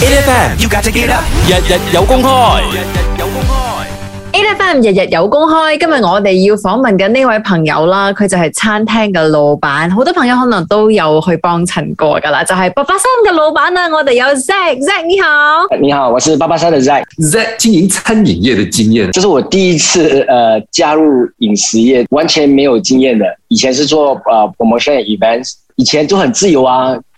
A、hey, FM，You got to get up，日日有公開，hey, 日日有公開。A、hey, FM 日日有公開，今日我哋要訪問嘅呢位朋友啦，佢就係餐廳嘅老闆，好多朋友可能都有去幫襯過噶啦，就係八八三嘅老闆啦。我哋有 Zac，Zac 你好，你好，我是八八三嘅 Zac，Zac 經營餐飲業嘅經驗，這是我第一次誒、uh, 加入飲食業，完全沒有經驗嘅，以前是做誒、uh, promotion events，以前都很自由啊。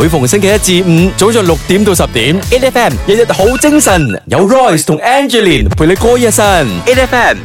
每逢星期一至五，早上六點到十點，F M 日日好精神，有 Royce 同 Angeline 陪你過一晨，F M。